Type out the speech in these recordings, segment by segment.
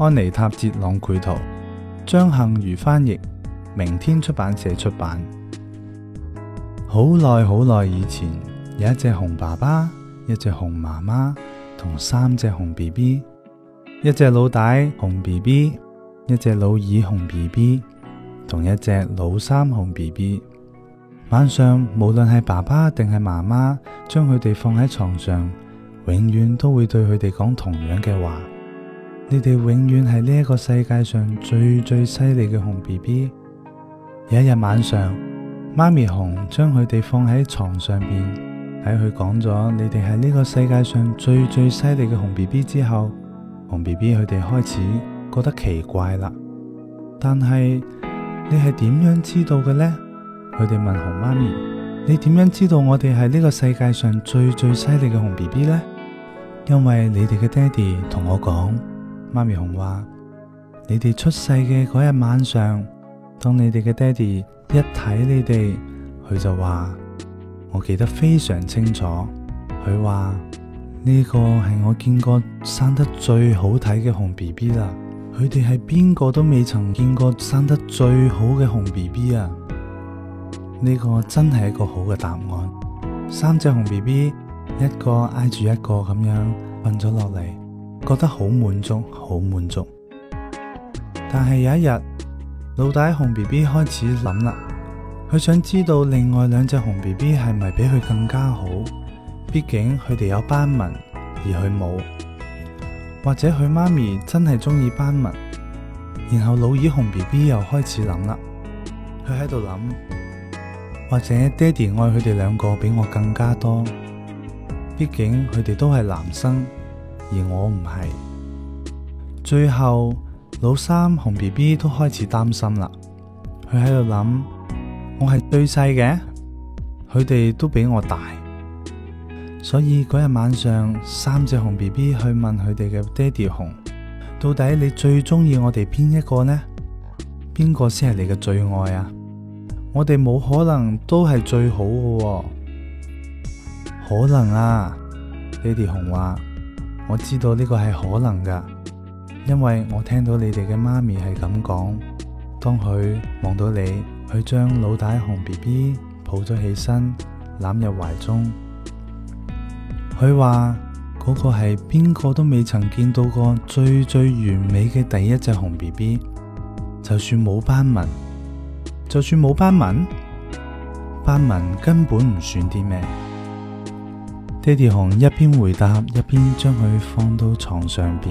安妮塔·婕朗繪圖，張杏如翻譯，明天出版社出版。好耐好耐以前，有一隻熊爸爸、一隻熊媽媽同三隻熊 B B，一隻老大熊 B B，一隻老二熊 B B，同一隻老三熊 B B。晚上，無論係爸爸定係媽媽，將佢哋放喺床上，永遠都會對佢哋講同樣嘅話。你哋永遠係呢一個世界上最最犀利嘅熊 B B。有一日晚上，媽咪熊將佢哋放喺床上邊，喺佢講咗：你哋係呢個世界上最最犀利嘅熊 B B 之後，熊 B B 佢哋開始覺得奇怪啦。但係你係點樣知道嘅呢？佢哋問熊媽咪：你點樣知道我哋係呢個世界上最最犀利嘅熊 B B 呢？因為你哋嘅爹哋同我講。媽咪熊話：你哋出世嘅嗰日晚上，當你哋嘅爹哋一睇你哋，佢就話：我記得非常清楚，佢話呢個係我見過生得最好睇嘅熊 B B 啦，佢哋係邊個都未曾見過生得最好嘅熊 B B 啊！呢個真係一個好嘅答案。三隻熊 B B 一個挨住一個咁樣瞓咗落嚟。覺得好滿足，好滿足。但係有一日，老大熊 B B 開始諗啦，佢想知道另外兩隻熊 B B 係咪比佢更加好？畢竟佢哋有斑紋，而佢冇。或者佢媽咪真係中意斑紋。然後老二熊 B B 又開始諗啦，佢喺度諗，或者爹哋愛佢哋兩個比我更加多。畢竟佢哋都係男生。而我唔係，最後老三熊 B B 都開始擔心啦。佢喺度諗，我係最細嘅，佢哋都比我大。所以嗰日晚上，三隻熊 B B 去問佢哋嘅爹哋熊，到底你最中意我哋邊一個呢？邊個先係你嘅最愛啊？我哋冇可能都係最好嘅。哦，可能啊，爹哋熊話。我知道呢個係可能噶，因為我聽到你哋嘅媽咪係咁講。當佢望到你，佢將老大熊 B B 抱咗起身，攬入懷中。佢話嗰個係邊個都未曾見到過最最完美嘅第一隻熊 B B，就算冇斑紋，就算冇斑紋，斑紋根本唔算啲咩。爹哋熊一邊回答一邊將佢放到床上邊，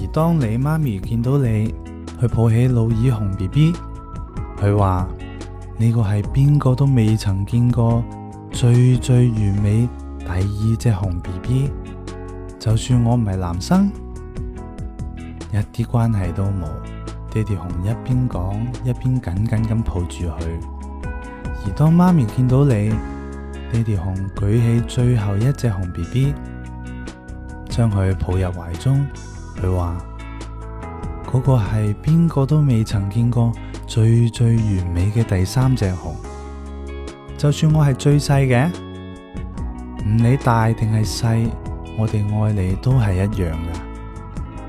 而當你媽咪見到你，佢抱起老二熊 B B，佢話呢個係邊個都未曾見過最最完美第二隻熊 B B，就算我唔係男生，一啲關係都冇。爹哋熊一邊講一邊緊緊咁抱住佢，而當媽咪見到你。爹地熊舉起最後一隻熊 B B，將佢抱入懷中。佢話：嗰個係邊個都未曾見過最最完美嘅第三隻熊。就算我係最細嘅，唔理大定係細，我哋愛你都係一樣㗎。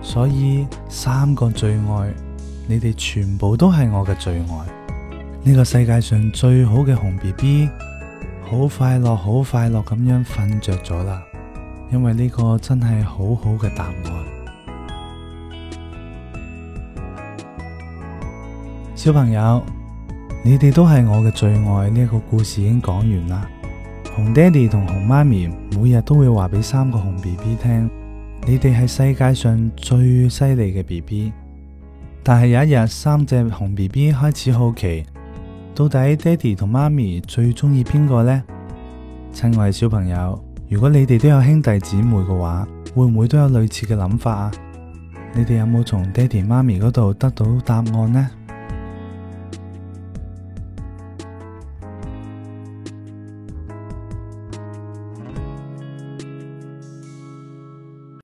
所以三個最愛，你哋全部都係我嘅最愛。呢個世界上最好嘅熊 B B。好快樂，好快樂咁樣瞓着咗啦，因為呢個真係好好嘅答案。小朋友，你哋都係我嘅最愛。呢個故事已經講完啦。熊爹哋同熊媽咪每日都會話俾三個熊 B B 聽，你哋係世界上最犀利嘅 B B。但係有一日，三隻熊 B B 開始好奇，到底爹地同媽咪最中意邊個呢？親愛小朋友，如果你哋都有兄弟姐妹嘅話，會唔會都有類似嘅諗法啊？你哋有冇從爹地媽咪嗰度得到答案呢？